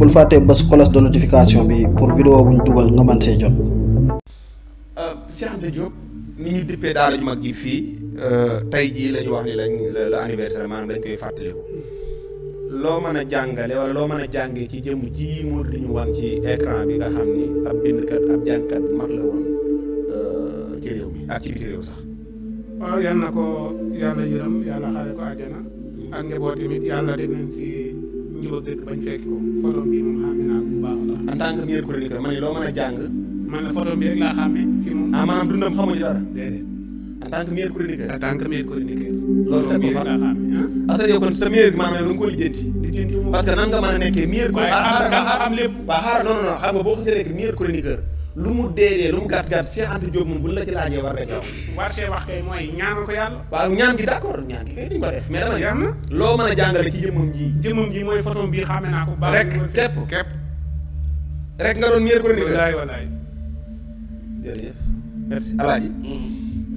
bul fàttee bés cloche de notification bi pour vidéo buñ dugal nga man see jot. Euh, Cheikh Anta Diop ni ñu dippee daal ñu mag ji fii euh, tey jii la wax ni la anniversaire dañ koy fàttaliku loo mën jàngale wala loo mën ci jëmm ji moo di ñu ci écran bi nga xam ni ab bindkat ab jàngkat mag la woon euh, ci mi ak ci biir sax. waaw yal na ko yàlla yërëm yàlla xaare ko àjjana ak njaboot tamit yàlla def leen si. ñu ko dëkk bañ fekk ko photo bi a baax. en man la photo bi dundam xamoo ci dara. déedéet en tant que meilleur chroniqueur. en tant que meilleur chroniqueur. loolu teg ko fa laa xàmme ah. asa ah, yow kon sa meilleur maanaam da nga koo lijjanti. lijjanti parce que nan nga mën a nekkee xam nga xam lépp waaw xaaral non non xam nga boo xasee nekk meilleur chroniqueur lu mu dee dee lu mu gàtt gàtt Cheikh Anta Diop moom bu ñu la ci laajee war nga ci wax. war see wax kay mooy ñaanal ko yàlla. waaw ñaan gi d' accord ñaan gi kay duñ ko def. mais dama ne loo mën a jàngale ci jëmmam ji. jëmmam ji mooy photo bii xàmme naa ko. baax rek képp képp. rek nga doon miir ko ni. wallaay wallaay. jërëjëf merci Alaaji.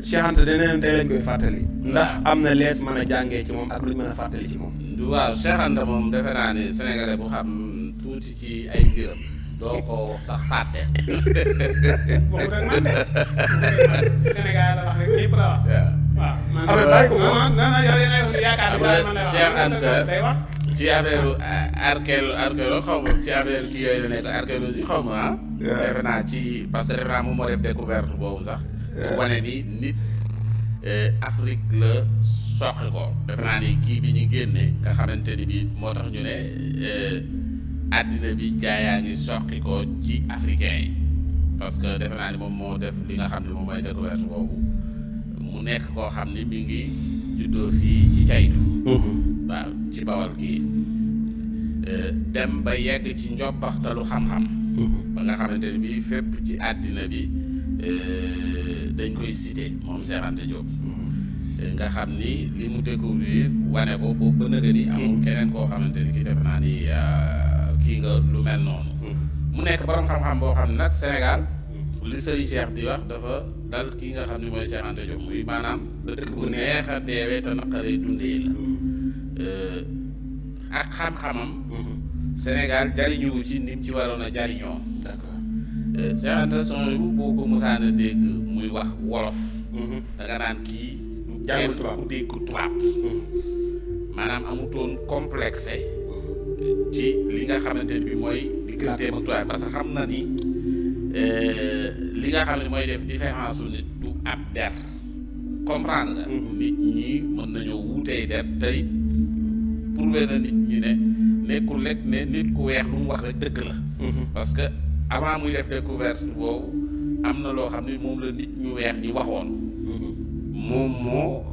Cheikh Anta danañ tey lañ koy fàttali. ndax am na lees mën a jàngee ci moom ak luñ mën a fàttali ci moom. waaw Cheikh Anta moom defe naa ne sénégalais bu xam tuuti ci ay mbiram doo ko sax fàtte. boobu nag man de ci affaire archéo archéo xaw ma ci affaire eh, kii yooyu la nekk archéologie xaw ma ah. defe naa ci parce defe naa moom moo def découverte boobu sax. bu wane ni nit e Afrique la soqi ko. defe naa ni kii bi ñu génne nga xamante ni bii moo tax ñu ne. àddina bi gaayaa ngi soqi ko ci africain yi parce que defe naa ni moom moo def li nga xam ne moom mooy découverte boobu mu nekk koo xam ne mi ngi juddoo fii ci caytu mhm. waaw ci bawal gi euh, dem ba yegg ci njobbaxtalu xam-xam mhm. ba nga xamante ne bi fépp ci àddina bi euh, dañ koy cité moom Cheikh Anta Diop mhm. nga xam ni li mu découvrir wane ko boobu ba nëgë ni amul keneen koo xamante ki def naa ni kii nga lu mel noonu. Hmm. mu nekk borom xam-xam boo xam ne nag Sénégal. li Serigne Cheikh di wax dafa dal kii nga xam ne mooy Cheikh Anta Diop muy maanaam a deewee hmm. euh, hmm. Sénégal jariñuwu ci ni ci waroon a jariñoo. d'accord euh, Cheikh Anta bu boo ko musaan dégg muy wax wolof. da nga naan kii. jàngul tubaab dégg tubaab. maanaam amutoon complexe. ci li nga xamante ni bi mooy digganteem ak tuwaay parce que xam na ni eh, li nga xam ne mooy def différence nit du ab der comprendre nga. Mm-hmm. nit ñi mën nañoo wuutee der tey prouvé na nit ñi ne nekkul rek ne nit ku weex lu mu wax rek dëgg la. Mm-hmm. parce que avant muy def découverte boobu am na loo xam ne moom la nit ñu weex ñi waxoon. Mm-hmm. moom moo.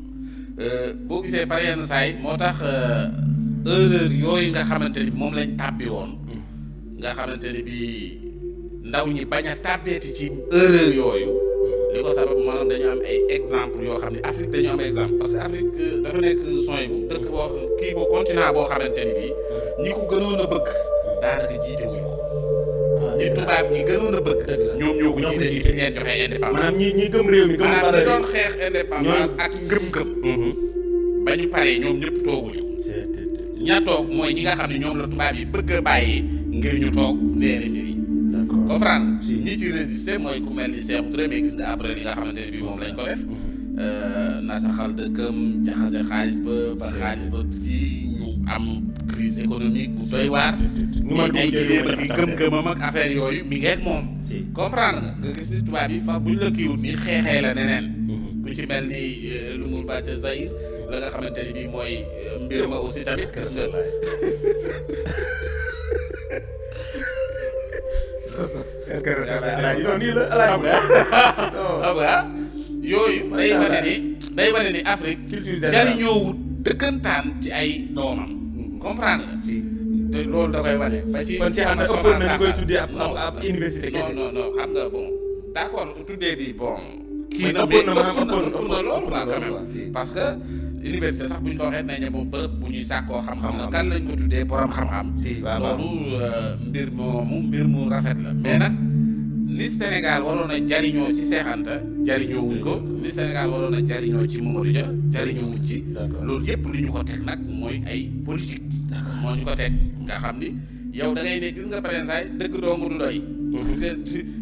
Euh, boo gisee par yenn saay moo tax euh, erreur yooyu nga xamante ni moom lañ tàbbi woon mm. nga xamante ni ndaw ñi bañ a tàbbeeti ci erreur yooyu mm. li ko sabab maanaam dañu am ay exemple yoo xam ne Afrique dañu am exemple parce que Afrique euh, dafa nekk sony bu dëkk boo kii boo continent boo xamante ni mm. ñi ko gënoon a bëgg daanaka jiite wuñ ko ñi tubaab ñi gënoon a bëgg ñoom ñoo ko jiite ji te leen joxee indépendance maanaam ñi ñi gëm réew mi gëm valeur yi doon xeex indépendance ak ngëm-ngëm mhm. ba ñu paree ñoom ñëpp tooguñu ña toog mooy ñi nga xam ne ñoom la tubaab yi bëgg bàyyi ngir ñu toog gérer mbir yi comprendre ñi ci résister mooy ku mel ni Sékou Touré mais gis nga après li nga xamante ne bii moom lañ ko def mhm. euh, nasaxal dëkkam jaxase xaalis ba ba xaalis ba kii am crise économique bu doy waar. ñu mën ay idées ba gëm-gëmam ak affaire yooyu mi ngi moom. comprendre nga gis ni tubaab yi fa buñ la kiiwut nii xeexee la neneen. Mm-hmm. ku ci mel ni euh, lu mu bàcc Zaïr la nga xamante ni bii mooy euh, mbir ma aussi tamit gis nga. Ah, dëkkantaan ci ay doomam comprendre nga si. te loolu da koy wane. ba ci kon si am na ëppoon na ñu koy tuddee ab ab université. kese xam nga bon d' accord tuddee bi bon. kii na mais na loolu quoi quand parce que sax bu ko waxee nañ ne xam-xam la kan lañ ko si loolu euh, mbir moomu mbir mu rafet la mais nag. li Sénégal waroon a jariñoo ci Cheikh Anta jariñoo wuñ ko li Sénégal waroon a jariñoo ci Mamadou Dia jariñoo wuñ ci loolu yëpp li ñu ko teg nag mooy ay politique moo ñu ko teg nga xam ni yow da ngay ne gis nga parensaay dëgg dong du doy mhm.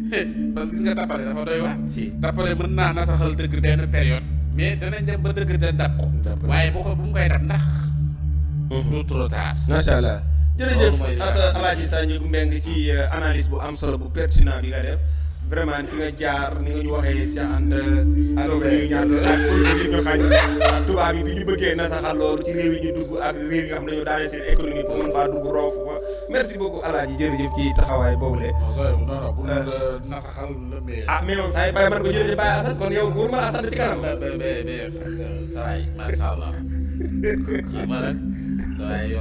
parce que gis nga tappale dafa doy wax ah, tappale mën naa nasaxal dëgg benn période mais danañ dem ba dëgg da dab waaye boo ko bu mu koy dab ndax mhm. du trop tard macha allah jërëjëf Asa Alaaji Sandiougu Mbengue ci euh, analyse bu am solo bu pertinent bi nga def vraiment fi nga jaar ni nga ñu waxee si ànd alors ñu ñaan ak politique ñu xañ tubaab yi bëggee na saxal loolu ci réew yi dugg ak réew yi nga xam ne dañoo dugg roof fa merci beaucoup alaaji jërëjëf ci taxawaay boobu le nasaxal la mais ah mais ci kanam saay macha allah xam nga rek saay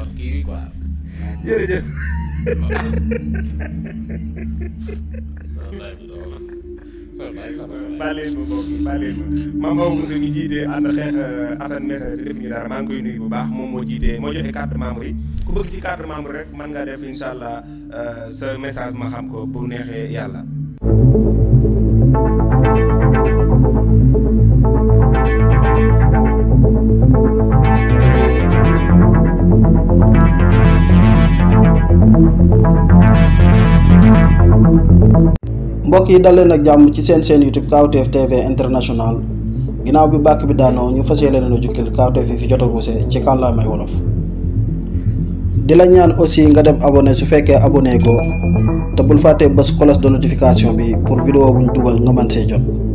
bàleen ma boobu ma mam aw busa ñu jiitee ànd xeex euh, Assane Mesere te def ñu dara maa ngi koy nuyu bu baax moom moo jiite moo joxe carte membre yi ku bëgg ci carte membre rek man ngaa def incha allah euh, sa message ma xam ko bu neexee yàlla mbokk yi dalee leen jàmm ci seen seen YouTube Kawtef TV international ginnaaw bi bàkk bi daanoo ñu fas yéene na jukkil Kawtef yi fi jot a ruuse ci kàllaamay wolof. di la ñaan aussi nga dem abonné su fekkee abone ko te bul fàtte bés cloche de notification bi pour vidéo buñ dugal nga mën see jot.